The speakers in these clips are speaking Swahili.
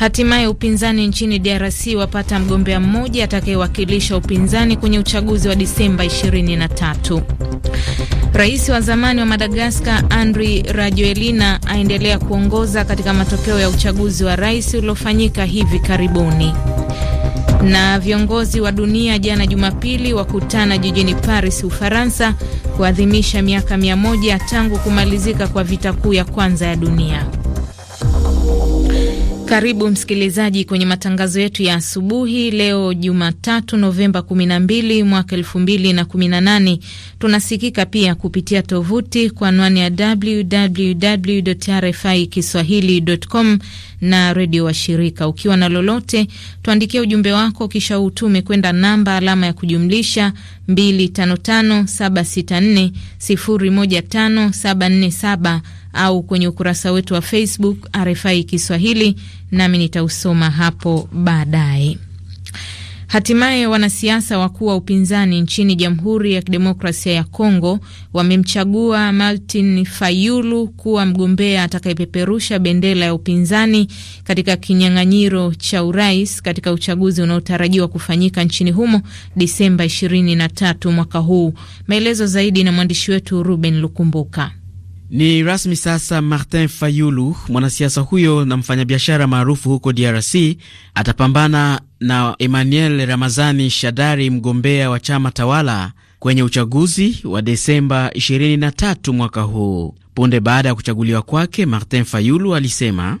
Hatimaye upinzani nchini DRC wapata mgombea mmoja atakayewakilisha upinzani kwenye uchaguzi wa Disemba 23. Rais wa zamani wa Madagaskar Andry Rajoelina aendelea kuongoza katika matokeo ya uchaguzi wa rais uliofanyika hivi karibuni. Na viongozi wa dunia jana Jumapili wakutana jijini Paris, Ufaransa kuadhimisha miaka mia moja tangu kumalizika kwa vita kuu ya kwanza ya dunia. Karibu msikilizaji kwenye matangazo yetu ya asubuhi leo Jumatatu, Novemba 12 mwaka 2018. Tunasikika pia kupitia tovuti kwa anwani ya www RFI kiswahili.com na redio wa shirika Ukiwa na lolote, tuandikia ujumbe wako kisha utume kwenda namba alama ya kujumlisha 255764015747 au kwenye ukurasa wetu wa Facebook RFI Kiswahili nami nitausoma hapo baadaye. Hatimaye wanasiasa wakuu wa upinzani nchini Jamhuri ya Kidemokrasia ya Kongo wamemchagua Martin Fayulu kuwa mgombea atakayepeperusha bendera ya upinzani katika kinyang'anyiro cha urais katika uchaguzi unaotarajiwa kufanyika nchini humo Disemba 23 mwaka huu. Maelezo zaidi na mwandishi wetu Ruben Lukumbuka. Ni rasmi sasa, Martin Fayulu, mwanasiasa huyo na mfanyabiashara maarufu huko DRC, atapambana na Emmanuel Ramazani Shadari, mgombea wa chama tawala kwenye uchaguzi wa Desemba 23 mwaka huu. Punde baada ya kuchaguliwa kwake, Martin Fayulu alisema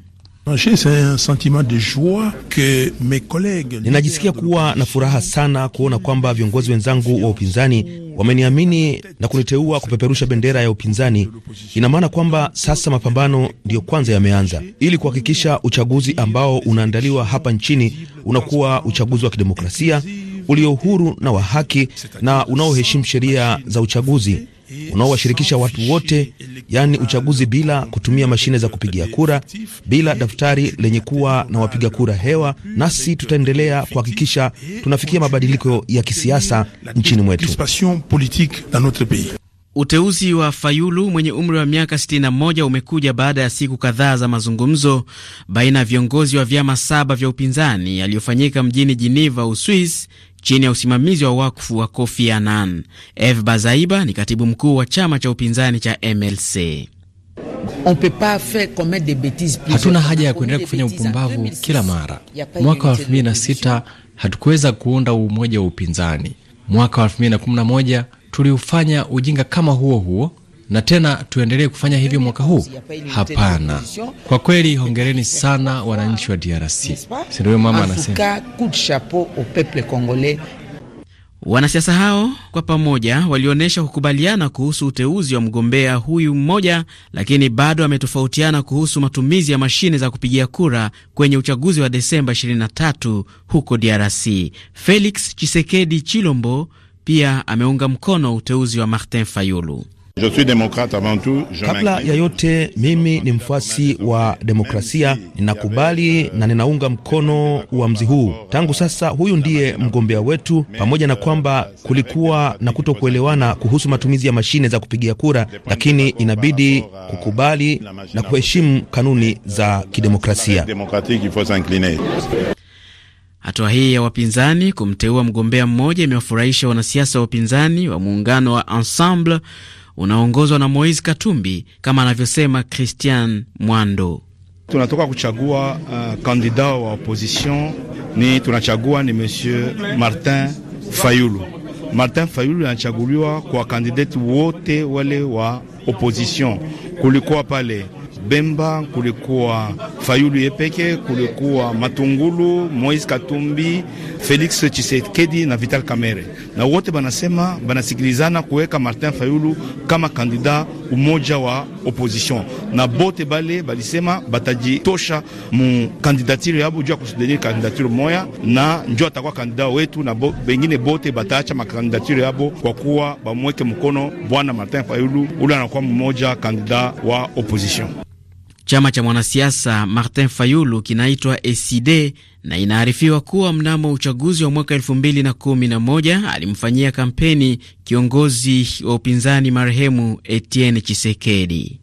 Ninajisikia kuwa na furaha sana kuona kwamba viongozi wenzangu wa upinzani wameniamini na kuniteua kupeperusha bendera ya upinzani. Ina maana kwamba sasa mapambano ndiyo kwanza yameanza, ili kuhakikisha uchaguzi ambao unaandaliwa hapa nchini unakuwa uchaguzi wa kidemokrasia ulio huru na wa haki na unaoheshimu sheria za uchaguzi unaowashirikisha watu wote, yaani uchaguzi bila kutumia mashine za kupigia kura, bila daftari lenye kuwa na wapiga kura hewa. Nasi tutaendelea kuhakikisha tunafikia mabadiliko ya kisiasa nchini mwetu. Uteuzi wa Fayulu mwenye umri wa miaka 61 umekuja baada ya siku kadhaa za mazungumzo baina ya viongozi wa vyama saba vya upinzani yaliyofanyika mjini Geneva, Uswis chini ya usimamizi wa wakfu wa Kofi Annan. Eve Bazaiba ni katibu mkuu wa chama cha upinzani cha MLC. Hatuna haja ya kuendelea kufanya upumbavu kila mara. Mwaka wa 2006 hatukuweza kuunda umoja wa upinzani. Mwaka wa 2011 tuliufanya ujinga kama huo huo na tena tuendelee kufanya hivyo mwaka huu? Hapana. Kwa kweli, hongereni sana wananchi wa DRC. Sindio mama anasema. Wanasiasa hao kwa pamoja walionyesha kukubaliana kuhusu uteuzi wa mgombea huyu mmoja, lakini bado wametofautiana kuhusu matumizi ya mashine za kupigia kura kwenye uchaguzi wa Desemba 23 huko DRC. Felix Chisekedi Chilombo pia ameunga mkono uteuzi wa Martin Fayulu. Kabla ya yote, mimi ni mfuasi wa demokrasia, ninakubali na ninaunga mkono uamuzi huu. Tangu sasa, huyu ndiye mgombea wetu, pamoja na kwamba kulikuwa na kutokuelewana kuhusu matumizi ya mashine za kupigia kura, lakini inabidi kukubali na kuheshimu kanuni za kidemokrasia. Hatua hii ya wapinzani kumteua mgombea mmoja imewafurahisha wanasiasa wa upinzani wa muungano wa Ensemble unaoongozwa na Moise Katumbi, kama anavyosema Christian Mwando. Tunatoka kuchagua uh, kandida wa opposition ni tunachagua ni Monsieur Martin Fayulu. Martin Fayulu anachaguliwa kwa kandidati wote wale wa opposition. Kulikuwa pale Bemba, kulikuwa Fayulu Yepeke, kulikuwa Matungulu, Moise Katumbi, Felix Tshisekedi na Vital Kamerhe, na wote banasema banasikilizana kuweka Martin Fayulu kama kandida umoja wa opposition, na bote bale balisema batajitosha mu kandidature yabo juu ya kusudenir kandidature moya, na njo atakuwa kandida wetu, na bengine bote bataacha makandidatire yabo kwa kuwa bamweke mkono bwana Martin Fayulu ule anakuwa mmoja kandida wa opposition. Chama cha mwanasiasa Martin Fayulu kinaitwa ECD na inaarifiwa kuwa mnamo uchaguzi wa mwaka 2011 alimfanyia kampeni kiongozi wa upinzani marehemu Etienne Chisekedi.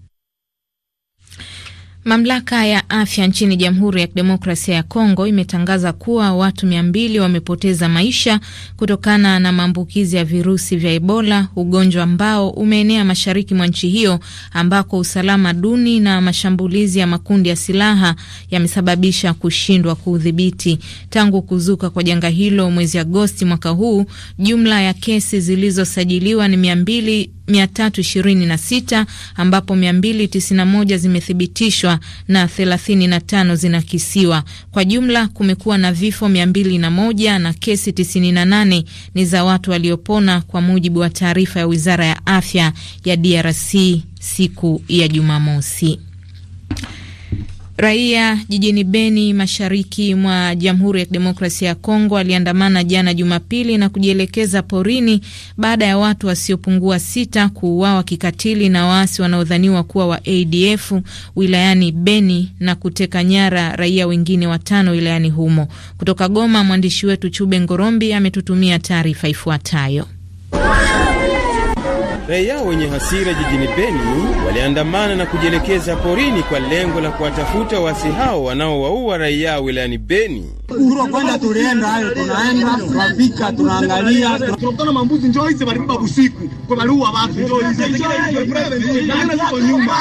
Mamlaka ya afya nchini Jamhuri ya Kidemokrasia ya Kongo imetangaza kuwa watu mia mbili wamepoteza maisha kutokana na maambukizi ya virusi vya Ebola, ugonjwa ambao umeenea mashariki mwa nchi hiyo ambako usalama duni na mashambulizi ya makundi ya silaha yamesababisha kushindwa kuudhibiti. Tangu kuzuka kwa janga hilo mwezi Agosti mwaka huu, jumla ya kesi zilizosajiliwa ni mia mbili 326 ambapo 291 zimethibitishwa na 35 zinakisiwa. Kwa jumla kumekuwa na vifo 201 na kesi 98 ni za watu waliopona, kwa mujibu wa taarifa ya Wizara ya Afya ya DRC siku ya Jumamosi. Raia jijini Beni, mashariki mwa Jamhuri ya Kidemokrasia ya Kongo, aliandamana jana Jumapili na kujielekeza porini baada ya watu wasiopungua sita kuuawa kikatili na waasi wanaodhaniwa kuwa wa ADF wilayani Beni na kuteka nyara raia wengine watano wilayani humo. Kutoka Goma, mwandishi wetu Chube Ngorombi ametutumia taarifa ifuatayo. Raia wenye hasira jijini Beni waliandamana na kujielekeza porini kwa lengo la kuwatafuta wasi hao wanaowaua raia wilayani Beni. Kura kwenda tulienda, hayo tunaenda tunafika, tunaangalia, tunakutana mambuzi njoo hizi walipa usiku kwa barua watu njoo hizi njoo nyuma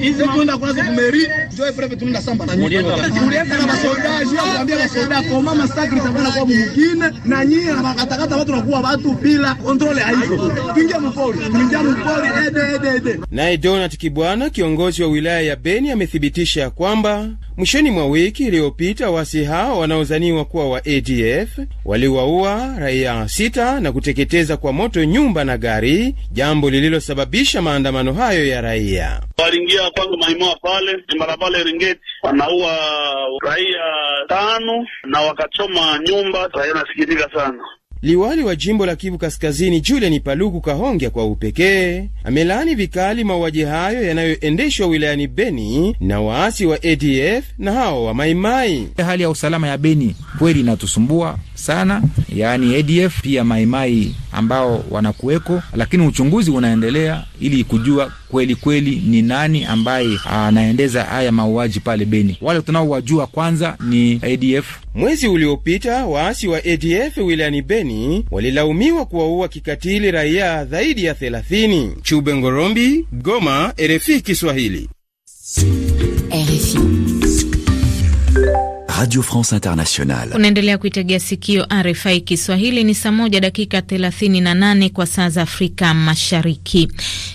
hizi kwenda kwanza kumeri njoo preve tunaenda samba na nyinyi tulienda na masoda njoo tunaambia masoda kwa mama sakri sambana kwa mwingine na nyinyi na makatakata watu nakuwa watu bila kontrole haiko kuingia mpori, kuingia mpori, ede, ede, ede. Naye Donat Kibwana, kiongozi wa wilaya ya Beni, amethibitisha ya kwamba mwishoni mwa wiki iliyopita wasi hao wanaozaniwa kuwa wa ADF waliwaua raia sita na kuteketeza kwa moto nyumba na gari, jambo lililosababisha maandamano hayo ya raia. Waliingia kwangu maimoa pale ni pale Ringeti, wanaua raia tano na wakachoma nyumba, raia nasikitika sana. Liwali wa jimbo la Kivu Kaskazini Julien Paluku Kahongya kwa upekee amelaani vikali mauaji hayo yanayoendeshwa wilayani Beni na waasi wa ADF na hao wa Maimai. Hali ya usalama ya Beni kweli inatusumbua sana, yaani ADF pia maimai ambao wanakuweko, lakini uchunguzi unaendelea ili kujua kweli kweli ni nani ambaye anaendeza haya mauaji pale Beni. Wale tunaowajua kwanza ni ADF. Mwezi uliopita waasi wa ADF wilayani Beni walilaumiwa kuwaua kikatili raia zaidi ya thelathini. Chube Ngorombi, Goma, RFI Kiswahili, RFI. Radio France Internationale. Unaendelea kuitegea sikio RFI Kiswahili. Ni saa moja dakika 38 kwa saa za Afrika Mashariki.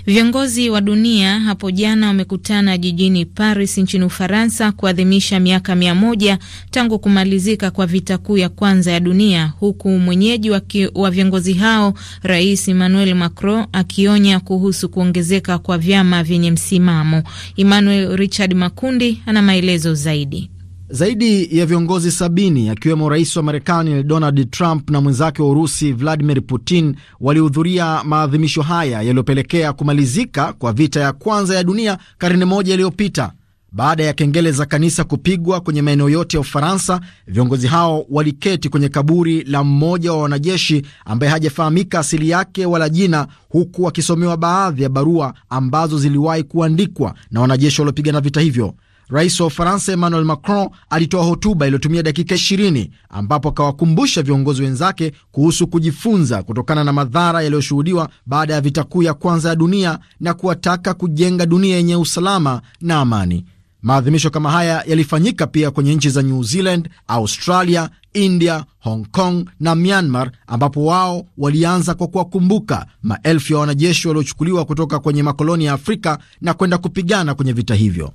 Viongozi wa dunia hapo jana wamekutana jijini Paris nchini Ufaransa kuadhimisha miaka mia moja tangu kumalizika kwa vita kuu ya kwanza ya dunia, huku mwenyeji wa, wa viongozi hao Rais Emmanuel Macron akionya kuhusu kuongezeka kwa vyama vyenye msimamo. Emmanuel Richard Makundi ana maelezo zaidi. Zaidi ya viongozi sabini akiwemo rais wa Marekani Donald Trump na mwenzake wa Urusi Vladimir Putin walihudhuria maadhimisho haya yaliyopelekea kumalizika kwa vita ya kwanza ya dunia karne moja iliyopita. Baada ya kengele za kanisa kupigwa kwenye maeneo yote ya Ufaransa, viongozi hao waliketi kwenye kaburi la mmoja wa wanajeshi ambaye hajafahamika asili yake wala jina, huku wakisomewa baadhi ya barua ambazo ziliwahi kuandikwa na wanajeshi waliopigana vita hivyo. Rais wa Ufaransa Emmanuel Macron alitoa hotuba iliyotumia dakika 20 ambapo akawakumbusha viongozi wenzake kuhusu kujifunza kutokana na madhara yaliyoshuhudiwa baada ya vita kuu ya kwanza ya dunia na kuwataka kujenga dunia yenye usalama na amani. Maadhimisho kama haya yalifanyika pia kwenye nchi za New Zealand, Australia, India, Hong Kong na Myanmar, ambapo wao walianza kwa kuwakumbuka maelfu ya wanajeshi waliochukuliwa kutoka kwenye makoloni ya Afrika na kwenda kupigana kwenye vita hivyo.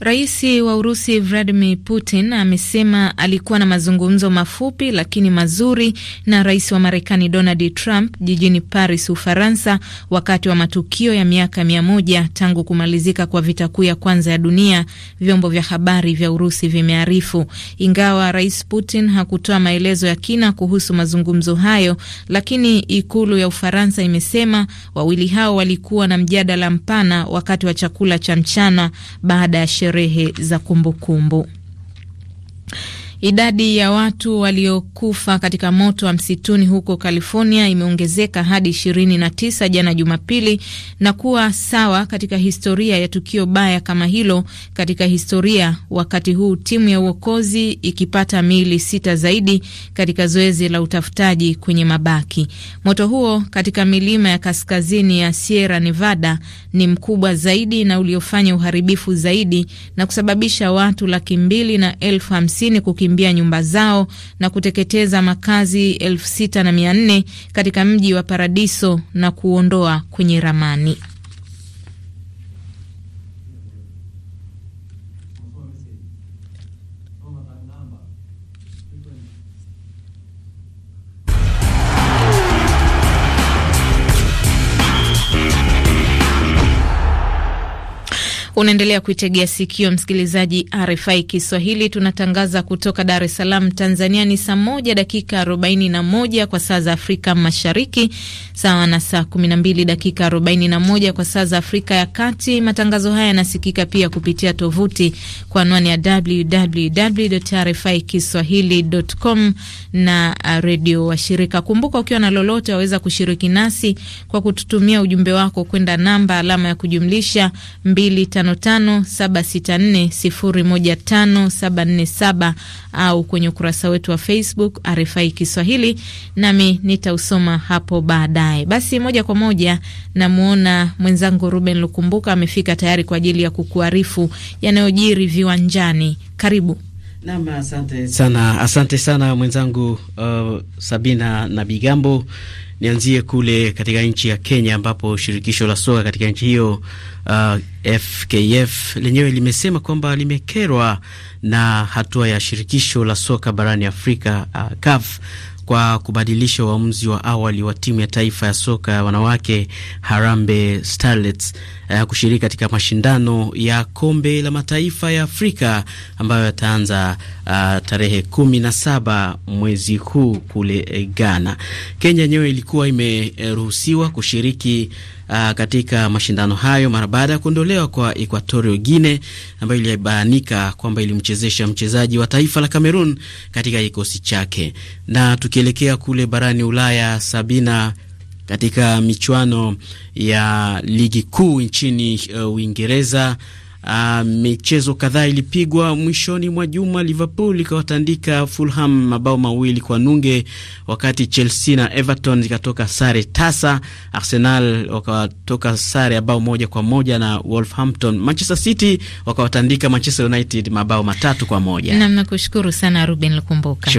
Rais wa Urusi Vladimir Putin amesema alikuwa na mazungumzo mafupi lakini mazuri na rais wa Marekani Donald Trump jijini Paris, Ufaransa, wakati wa matukio ya miaka mia moja tangu kumalizika kwa vita kuu ya kwanza ya dunia, vyombo vya habari vya Urusi vimearifu. Ingawa rais Putin hakutoa maelezo ya kina kuhusu mazungumzo hayo, lakini ikulu ya Ufaransa imesema wawili hao walikuwa na mjadala mpana wakati wa chakula cha mchana baada ya sherehe za kumbukumbu kumbu. Idadi ya watu waliokufa katika moto wa msituni huko California imeongezeka hadi 29 jana Jumapili na kuwa sawa katika historia ya tukio baya kama hilo katika historia, wakati huu timu ya uokozi ikipata miili sita zaidi katika zoezi la utafutaji kwenye mabaki. Moto huo katika milima ya kaskazini ya Sierra Nevada ni mkubwa zaidi na uliofanya uharibifu zaidi na kusababisha watu laki mbili na elfu hamsini kukimbia nyumba zao na kuteketeza makazi elfu sita na mia nne katika mji wa Paradiso na kuondoa kwenye ramani. Unaendelea kuitegea sikio msikilizaji RFI Kiswahili, tunatangaza kutoka Dar es Salaam, Tanzania. Ni saa moja dakika arobaini na moja kwa saa za Afrika Mashariki, sawa na saa kumi na mbili dakika arobaini na moja kwa saa za Afrika ya Kati. Matangazo haya yanasikika pia kupitia tovuti kwa anwani ya www RFI kiswahilicom na uh, redio washirika. Kumbuka, ukiwa na lolote, waweza kushiriki nasi kwa kututumia ujumbe wako kwenda namba alama ya kujumlisha mbili 255764015747 au kwenye ukurasa wetu wa Facebook RFI Kiswahili, nami nitausoma hapo baadaye. Basi moja kwa moja namwona mwenzangu Ruben Lukumbuka amefika tayari kwa ajili ya kukuarifu yanayojiri viwanjani. Karibu. Nama, asante sana, asante sana mwenzangu uh, Sabina na Bigambo. Nianzie kule katika nchi ya Kenya ambapo shirikisho la soka katika nchi hiyo uh, FKF lenyewe limesema kwamba limekerwa na hatua ya shirikisho la soka barani Afrika uh, CAF kwa kubadilisha uamuzi wa awali wa timu ya taifa ya soka ya wanawake Harambee Starlets uh, kushiriki katika mashindano ya kombe la mataifa ya Afrika ambayo yataanza uh, tarehe kumi na saba mwezi huu kule eh, Ghana. Kenya yenyewe ilikuwa imeruhusiwa kushiriki uh, katika mashindano hayo mara baada ya kuondolewa kwa Equatorial Guinea ambayo ilibainika kwamba ilimchezesha mchezaji wa taifa la Cameroon katika kikosi chake. Na tukielekea kule barani Ulaya, Sabina katika michuano ya ligi kuu nchini uh, Uingereza. Uh, michezo kadhaa ilipigwa mwishoni mwa juma. Liverpool ikawatandika Fulham mabao mawili kwa nunge, wakati Chelsea na Everton zikatoka sare tasa. Arsenal wakatoka sare ya bao moja kwa moja na Wolverhampton. Manchester City wakawatandika Manchester United mabao matatu kwa moja. Nam, sana Ruben Lukumbuka,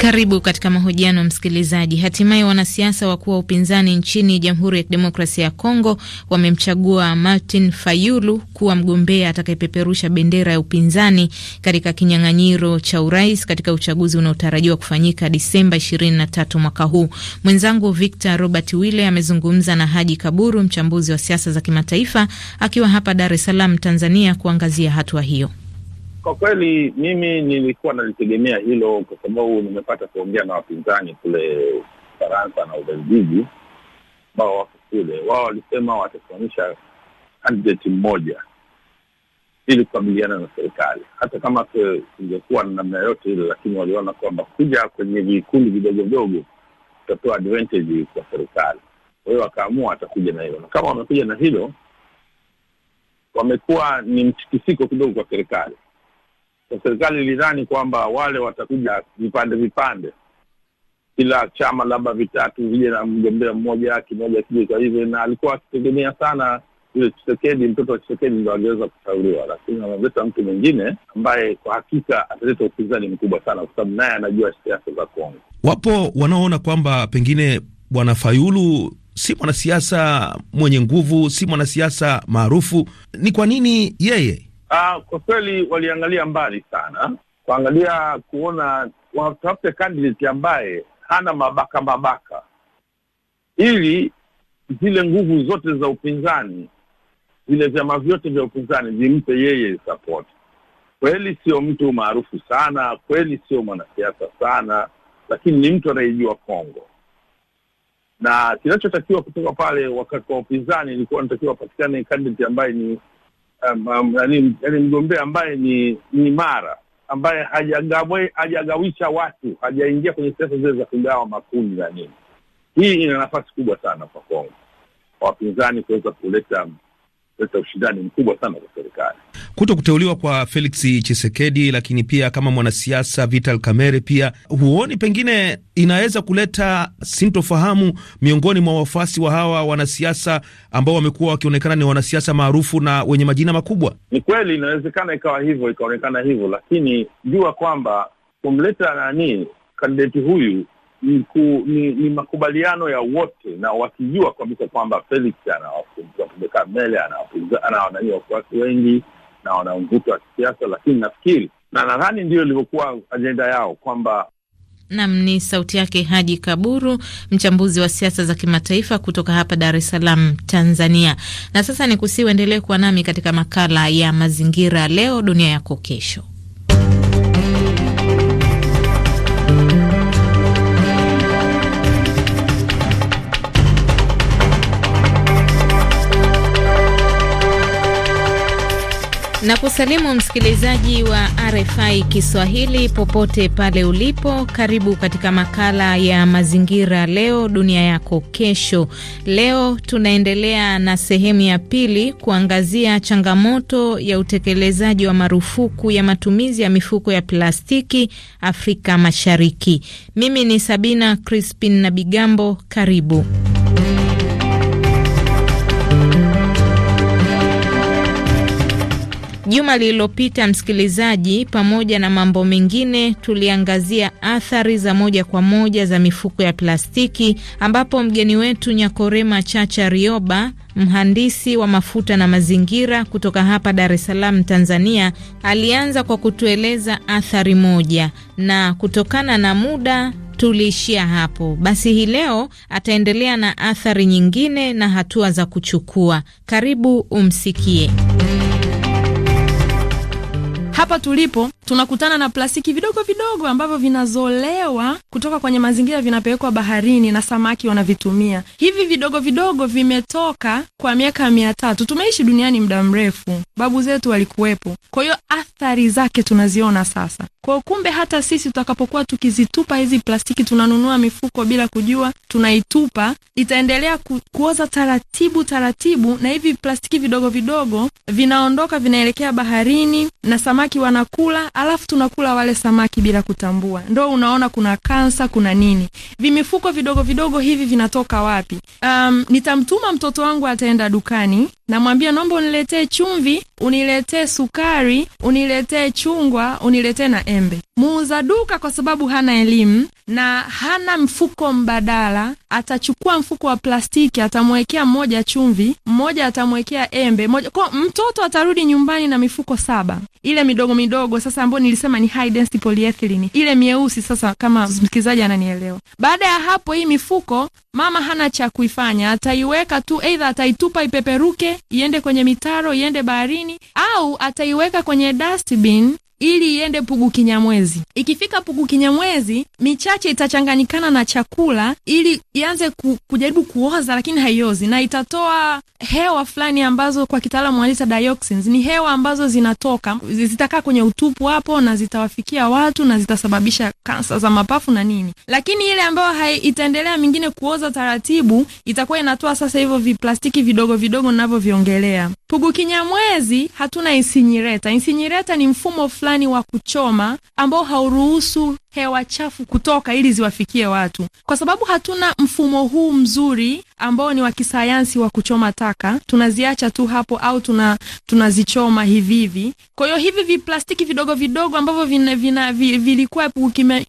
Karibu katika mahojiano msikilizaji. Hatimaye wanasiasa wakuu wa upinzani nchini Jamhuri ya Kidemokrasia ya Kongo wamemchagua Martin Fayulu kuwa mgombea atakayepeperusha bendera ya upinzani katika kinyang'anyiro cha urais katika uchaguzi unaotarajiwa kufanyika Disemba 23 mwaka huu. Mwenzangu Victor Robert Wille amezungumza na Haji Kaburu, mchambuzi wa siasa za kimataifa, akiwa hapa Dar es Salaam, Tanzania, kuangazia hatua hiyo. Kwa kweli mimi nilikuwa nalitegemea hilo, kwa sababu nimepata kuongea na wapinzani kule Ufaransa na Ubelgiji ambao wako kule. Wao walisema watasimamisha kandidati mmoja ili kukabiliana na serikali, hata kama kungekuwa na namna yote ile, lakini waliona kwamba kuja kwenye vikundi vidogo vidogo utatoa advantage kwa serikali. Kwa hiyo wakaamua watakuja na hilo, na kama wamekuja na hilo, wamekuwa ni mtikisiko kidogo kwa serikali serikali ilidhani kwamba wale watakuja vipande vipande, kila chama labda vitatu vije na mgombea mmoja, kimoja kije kwa hivyo, na alikuwa akitegemea sana yule Chisekedi, mtoto wa Chisekedi ndo angeweza kushauriwa, lakini amemleta mtu mwingine ambaye kwa hakika ataleta upinzani mkubwa sana, kwa sababu naye anajua siasa za Kongo. Wapo wanaoona kwamba pengine Bwana Fayulu si mwanasiasa mwenye nguvu, si mwanasiasa maarufu. Ni kwa nini yeye Uh, kwa kweli waliangalia mbali sana kuangalia kuona watafute candidate ambaye hana mabaka mabaka, ili zile nguvu zote za upinzani, vile vyama vyote vya upinzani vimpe yeye support. Kweli sio mtu maarufu sana, kweli sio mwanasiasa sana, lakini ni mtu anayejua Kongo, na kinachotakiwa kutoka pale wakati wa upinzani ilikuwa anatakiwa apatikane candidate ambaye ni um, um, mgombea ambaye ni ni imara ambaye hajagawisha watu hajaingia kwenye siasa zile za kugawa makundi na nini. Hii ina nafasi kubwa sana kwa Kongo wapinzani kuweza kuleta kuleta ushindani mkubwa sana kwa serikali. Kuto kuteuliwa kwa Felix Chisekedi, lakini pia kama mwanasiasa Vital Kamerhe, pia huoni pengine inaweza kuleta sintofahamu miongoni mwa wafuasi wa hawa wanasiasa ambao wamekuwa wakionekana ni wanasiasa maarufu na wenye majina makubwa? Ni kweli inawezekana ikawa hivyo, ikaonekana hivyo, lakini jua kwamba kumleta nani kandideti huyu ni, ku, ni, ni makubaliano ya wote na wakijua kabisa kwamba Felix anawakumeka mbele, anawanani wafuasi wengi na wana mvuto wa kisiasa, lakini nafikiri na nadhani ndio ilivyokuwa ajenda yao kwamba Nam ni sauti yake Haji Kaburu, mchambuzi wa siasa za kimataifa kutoka hapa Dar es Salaam, Tanzania. Na sasa ni kusiuendelee kuwa nami katika makala ya mazingira, leo dunia yako kesho. na kusalimu msikilizaji wa RFI Kiswahili popote pale ulipo. Karibu katika makala ya mazingira, leo dunia yako kesho. Leo tunaendelea na sehemu ya pili kuangazia changamoto ya utekelezaji wa marufuku ya matumizi ya mifuko ya plastiki Afrika Mashariki. Mimi ni Sabina Crispin na Bigambo, karibu. Juma lililopita, msikilizaji, pamoja na mambo mengine, tuliangazia athari za moja kwa moja za mifuko ya plastiki, ambapo mgeni wetu Nyakorema Chacha Rioba, mhandisi wa mafuta na mazingira kutoka hapa Dar es Salaam, Tanzania, alianza kwa kutueleza athari moja, na kutokana na muda tuliishia hapo. Basi hii leo ataendelea na athari nyingine na hatua za kuchukua. Karibu umsikie. Hapa tulipo tunakutana na plastiki vidogo vidogo ambavyo vinazolewa kutoka kwenye mazingira, vinapelekwa baharini na samaki wanavitumia. Hivi vidogo vidogo vimetoka kwa miaka mia tatu. Tumeishi duniani muda mrefu, babu zetu walikuwepo, kwa hiyo athari zake tunaziona sasa. Kwa kumbe hata sisi tutakapokuwa tukizitupa hizi plastiki, tunanunua mifuko bila kujua, tunaitupa, itaendelea ku, kuoza taratibu taratibu, na hivi plastiki vidogo vidogo vinaondoka, vinaelekea baharini na samaki samaki wanakula, alafu tunakula wale samaki bila kutambua. Ndo unaona kuna kansa, kuna nini. Vimifuko vidogo vidogo hivi vinatoka wapi? Um, nitamtuma mtoto wangu, ataenda dukani, namwambia naomba uniletee chumvi, uniletee sukari, uniletee chungwa, uniletee na embe. Muuza duka kwa sababu hana elimu na hana mfuko mbadala, atachukua mfuko wa plastiki, atamwekea mmoja chumvi, mmoja atamwekea embe moja, kwa mtoto atarudi nyumbani na mifuko saba, ile midogo midogo sasa, ambayo nilisema ni high density polyethylene, ile mieusi. Sasa kama msikilizaji ananielewa, baada ya hapo, hii mifuko mama hana cha kuifanya, ataiweka tu, aidha ataitupa ipeperuke, iende kwenye mitaro, iende baharini, au ataiweka kwenye dustbin ili iende Pugu Kinyamwezi. Ikifika Pugu Kinyamwezi, michache itachanganyikana na chakula ili ianze ku, kujaribu kuoza, lakini haiozi na itatoa hewa fulani ambazo kwa kitaalamu wanaita dioxins. Ni hewa ambazo zinatoka zitakaa kwenye utupu hapo na zitawafikia watu na zitasababisha kansa za mapafu na nini, lakini ile ambayo itaendelea mingine kuoza taratibu itakuwa inatoa sasa hivyo viplastiki vidogo vidogo navyoviongelea Pugu mwezi hatuna insinyireta. Insinyireta ni mfumo fulani wa kuchoma ambao hauruhusu hewa chafu kutoka ili ziwafikie watu, kwa sababu hatuna mfumo huu mzuri ambao ni wa kisayansi wa kuchoma taka. Tunaziacha tu hapo au tuna tunazichoma hivi hivi. Kwa hiyo hivi viplastiki vidogo vidogo ambavyo vina, vina, vilikuwa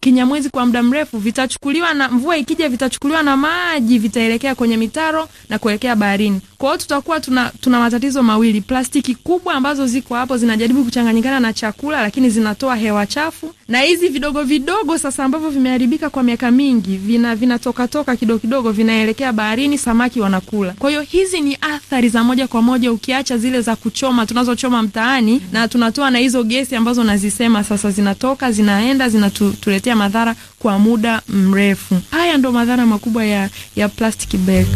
kinyamwezi kwa muda mrefu vitachukuliwa na mvua ikija, vitachukuliwa na maji, vitaelekea kwenye mitaro na kuelekea baharini. Kwa hiyo tutakuwa tuna, tuna matatizo mawili, plastiki kubwa ambazo ziko hapo zinajaribu kuchanganyikana na chakula, lakini zinatoa hewa chafu na hizi vidogo vidogo vidogo sasa ambavyo vimeharibika kwa miaka mingi vina vinatokatoka kidogo kidogo, vinaelekea baharini, samaki wanakula. Kwa hiyo hizi ni athari za moja kwa moja, ukiacha zile za kuchoma tunazochoma mtaani, na tunatoa na hizo gesi ambazo nazisema sasa, zinatoka zinaenda zinatuletea madhara kwa muda mrefu. Haya ndo madhara makubwa ya, ya plastic bag.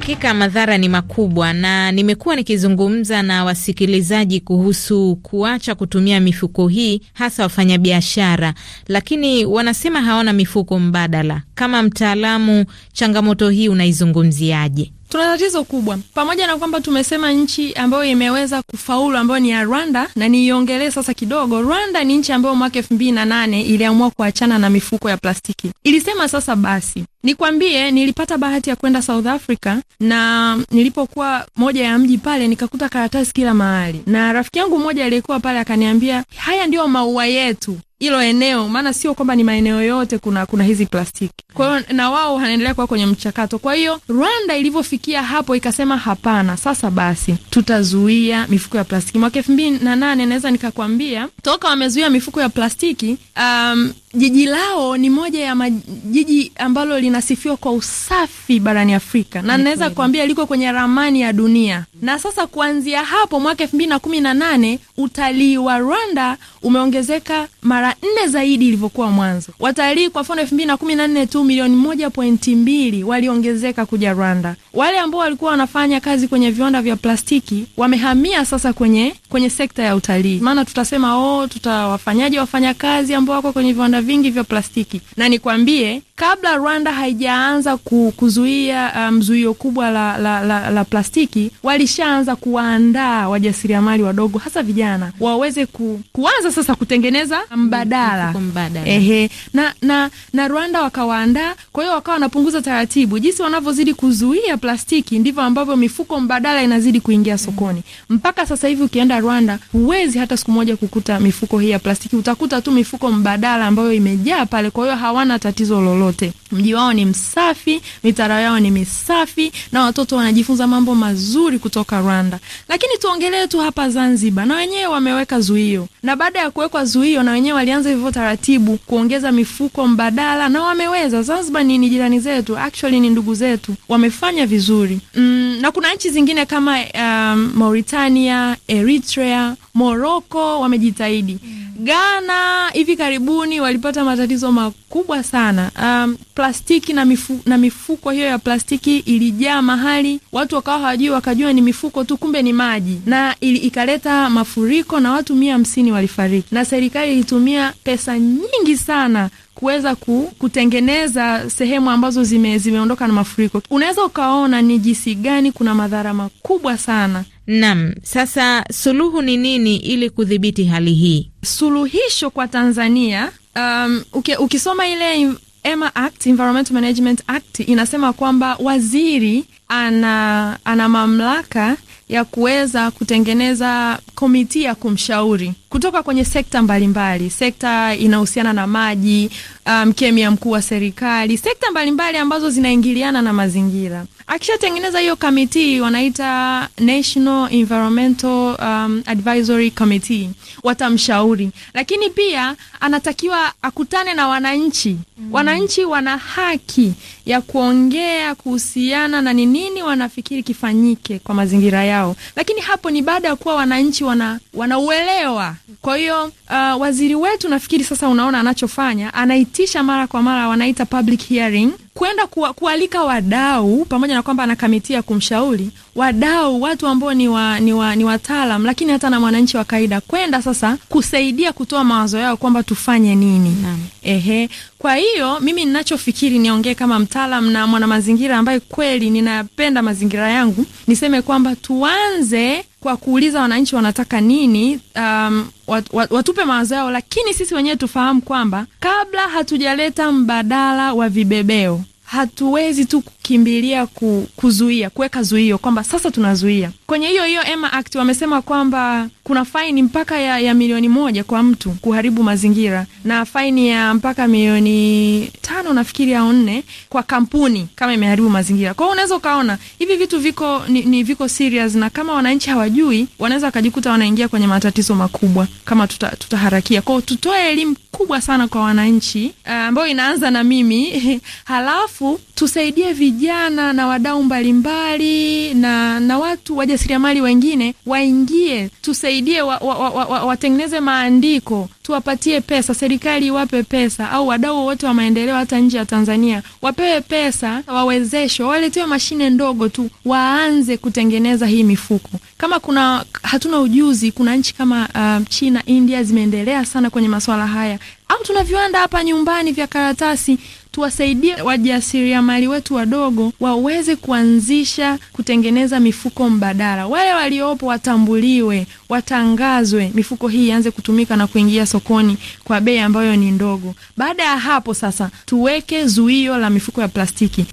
hakika madhara ni makubwa, na nimekuwa nikizungumza na wasikilizaji kuhusu kuacha kutumia mifuko hii, hasa wafanyabiashara, lakini wanasema hawana mifuko mbadala. Kama mtaalamu, changamoto hii unaizungumziaje? Tuna tatizo kubwa, pamoja na kwamba tumesema nchi ambayo imeweza kufaulu ambayo ni ya Rwanda, na niiongelee sasa kidogo. Rwanda ni nchi ambayo mwaka elfu mbili na nane iliamua kuachana na mifuko ya plastiki, ilisema sasa basi. Nikwambie, nilipata bahati ya kwenda South Africa, na nilipokuwa moja ya mji pale nikakuta karatasi kila mahali, na rafiki yangu mmoja aliyekuwa pale akaniambia, haya ndiyo maua yetu hilo eneo, maana sio kwamba ni maeneo yote kuna kuna hizi plastiki. Kwa hiyo na wao wanaendelea kuwa kwenye mchakato. Kwa hiyo Rwanda ilivyofikia hapo ikasema hapana, sasa basi tutazuia mifuko ya plastiki. Mwaka elfu mbili na nane naweza nikakwambia toka wamezuia mifuko ya plastiki um, jiji lao ni moja ya majiji ambalo linasifiwa kwa usafi barani Afrika na naweza kuambia liko kwenye ramani ya dunia. Na sasa kuanzia hapo mwaka elfu mbili na kumi na nane utalii wa Rwanda umeongezeka mara nne zaidi ilivyokuwa mwanzo. Watalii kwa mfano elfu mbili na kumi na nne tu milioni moja pointi mbili waliongezeka kuja Rwanda. Wale ambao walikuwa wanafanya kazi kwenye viwanda vya plastiki wamehamia sasa kwenye kwenye sekta ya utalii, maana tutasema oh, tutawafanyaje wafanyakazi ambao wako kwenye viwanda vingi vya plastiki, na nikwambie kabla Rwanda haijaanza kuzuia mzuio um, kubwa la, la, la, la plastiki, walishaanza kuwaandaa wajasiriamali wadogo hasa vijana waweze ku, kuanza sasa kutengeneza mbadala, mbadala. Ehe, na, na, na Rwanda wakawaandaa, kwa hiyo wakawa wanapunguza taratibu. Jinsi wanavyozidi kuzuia plastiki ndivyo ambavyo mifuko mbadala inazidi kuingia sokoni. Mpaka sasa hivi ukienda Rwanda huwezi hata siku moja kukuta mifuko hii ya plastiki, utakuta tu mifuko mbadala ambayo imejaa pale, kwa hiyo hawana tatizo lolote yote. Mji wao ni msafi, mitara yao ni misafi, na watoto wanajifunza mambo mazuri kutoka Rwanda. Lakini tuongelee tu hapa Zanzibar, na wenyewe wameweka zuio, na baada ya kuwekwa zuio, na wenyewe walianza hivyo taratibu kuongeza mifuko mbadala, na wameweza. Zanzibar ni, ni jirani zetu, actually ni ndugu zetu, wamefanya vizuri mm, na kuna nchi zingine kama um, Mauritania, Eritrea, Morocco wamejitahidi mm. Ghana hivi karibuni walipata matatizo makubwa sana. Um, plastiki na, mifu, na mifuko hiyo ya plastiki ilijaa mahali, watu wakawa hawajui, wakajua ni mifuko tu, kumbe ni maji, na ili, ikaleta mafuriko na watu mia hamsini walifariki, na serikali ilitumia pesa nyingi sana kuweza ku, kutengeneza sehemu ambazo zime, zimeondoka na mafuriko. Unaweza ukaona ni jinsi gani kuna madhara makubwa sana Nam, sasa suluhu ni nini ili kudhibiti hali hii? Suluhisho kwa Tanzania, um, uke, ukisoma ile EMA Act, Management Act inasema kwamba waziri ana, ana mamlaka ya kuweza kutengeneza komiti ya kumshauri kutoka kwenye sekta mbalimbali mbali. Sekta inahusiana na maji, uh, mkemia um, mkuu wa serikali, sekta mbalimbali mbali ambazo zinaingiliana na mazingira. Akishatengeneza hiyo kamiti, wanaita National Environmental um, Advisory Committee, watamshauri, lakini pia anatakiwa akutane na wananchi mm. Wananchi wana haki ya kuongea kuhusiana na ni nini wanafikiri kifanyike kwa mazingira yao yao, lakini hapo ni baada ya kuwa wananchi wana wanauelewa. Kwa hiyo uh, waziri wetu nafikiri sasa, unaona anachofanya, anaitisha mara kwa mara, wanaita public hearing kwenda kualika wadau, pamoja na kwamba ana kamiti ya kumshauri wadau, watu ambao ni wa, ni wa, ni wataalam, lakini hata na mwananchi wa kawaida kwenda sasa kusaidia kutoa mawazo yao kwamba tufanye nini. Naam. Ehe, kwa hiyo mimi ninachofikiri niongee kama mtaalam na mwanamazingira ambaye kweli ninapenda mazingira yangu, niseme kwamba tuanze kwa kuuliza wananchi wanataka nini, um, wat, wat, watupe mawazo yao, lakini sisi wenyewe tufahamu kwamba kabla hatujaleta mbadala wa vibebeo hatuwezi tu kukimbilia ku, kuzuia kuweka zuio kwamba sasa tunazuia. Kwenye hiyo hiyo EMA Act wamesema kwamba kuna faini mpaka ya, ya milioni moja kwa mtu kuharibu mazingira na faini ya mpaka milioni tano nafikiri au nne kwa kampuni kama imeharibu mazingira. Kwa hiyo unaweza ukaona hivi vitu viko ni, ni viko serious, na kama wananchi hawajui wanaweza wakajikuta wanaingia kwenye matatizo makubwa kama tuta, tutaharakia. Kwa hiyo tutoe elimu kubwa sana kwa wananchi eh, ambayo inaanza na mimi halafu tusaidie vijana vijana na wadau mbalimbali na, na watu wajasiriamali wengine waingie, tusaidie wa, wa, wa, wa, watengeneze maandiko, tuwapatie pesa, serikali iwape pesa, au wadau wote wa maendeleo hata nje ya Tanzania wapewe pesa, wawezeshwe, waletewe mashine ndogo tu, waanze kutengeneza hii mifuko. Kama kuna hatuna ujuzi, kuna nchi kama uh, China, India zimeendelea sana kwenye masuala haya, au tuna viwanda hapa nyumbani vya karatasi tuwasaidie wajasiriamali wetu wadogo waweze kuanzisha kutengeneza mifuko mbadala. Wale waliopo watambuliwe, watangazwe, mifuko hii ianze kutumika na kuingia sokoni kwa bei ambayo ni ndogo. Baada ya hapo sasa tuweke zuio la mifuko ya plastiki.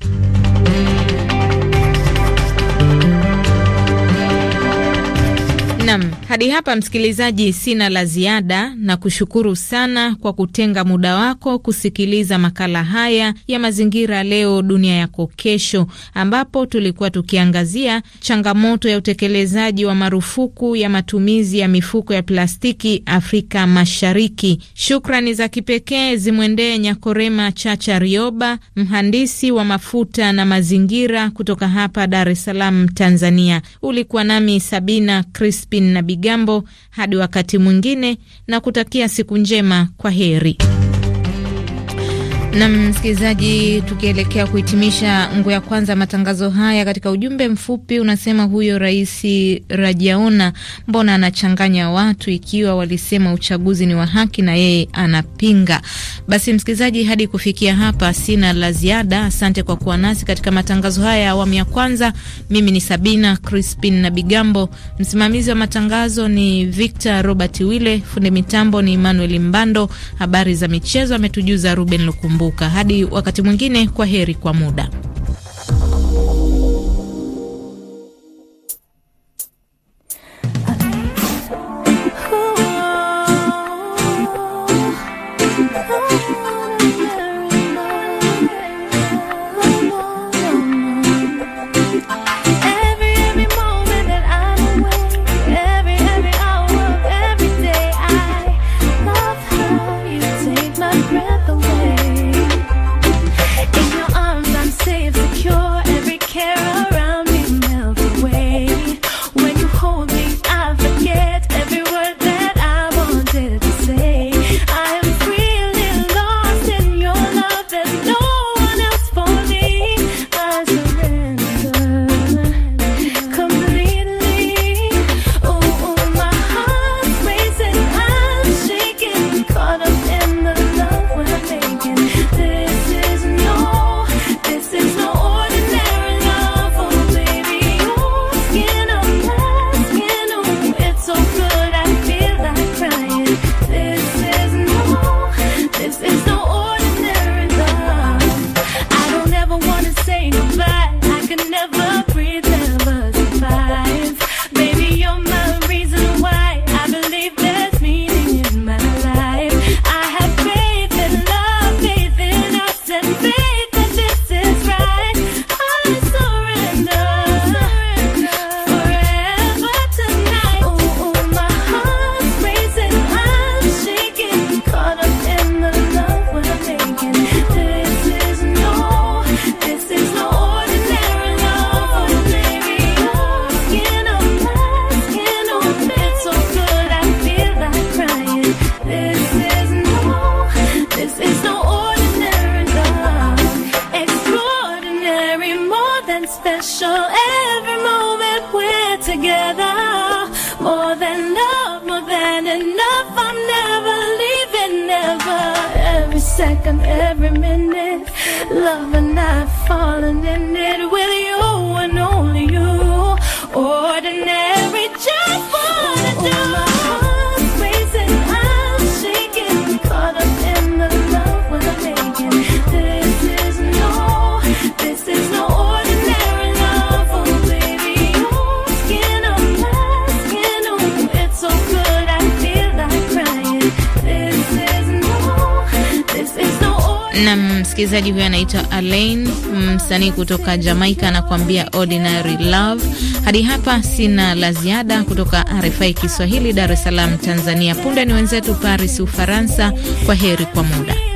Nam, hadi hapa msikilizaji, sina la ziada na kushukuru sana kwa kutenga muda wako kusikiliza makala haya ya mazingira leo dunia yako kesho, ambapo tulikuwa tukiangazia changamoto ya utekelezaji wa marufuku ya matumizi ya mifuko ya plastiki Afrika Mashariki. Shukrani za kipekee zimwendee Nyakorema Chacha Rioba, mhandisi wa mafuta na mazingira kutoka hapa Dar es Salaam, Tanzania. Ulikuwa nami Sabina Crispi Sabin na Bigambo. Hadi wakati mwingine, na kutakia siku njema. Kwa heri. Nam msikilizaji, tukielekea kuhitimisha nguo ya kwanza matangazo haya, katika ujumbe mfupi unasema huyo Rais Rajaona mbona anachanganya watu, ikiwa walisema uchaguzi ni wa haki na yeye anapinga. Basi msikilizaji, hadi kufikia hapa sina la ziada. Asante kwa kuwa nasi katika matangazo haya ya awamu ya kwanza. Mimi ni Sabina Crispin na Bigambo, msimamizi wa matangazo ni Victor Robert Wille, fundi mitambo ni Emmanuel Mbando, habari za michezo ametujuza Ruben Lukumbu kuvuka. Hadi wakati mwingine, kwa heri kwa muda. second, every minute. Love and i falling in it with you and only you. Ordinary. msikilizaji huyo anaitwa Alain, msanii kutoka jamaika anakuambia ordinary love. Hadi hapa sina la ziada kutoka RFI Kiswahili, Dar es Salaam, Tanzania. Punde ni wenzetu Paris, Ufaransa. Kwa heri kwa muda.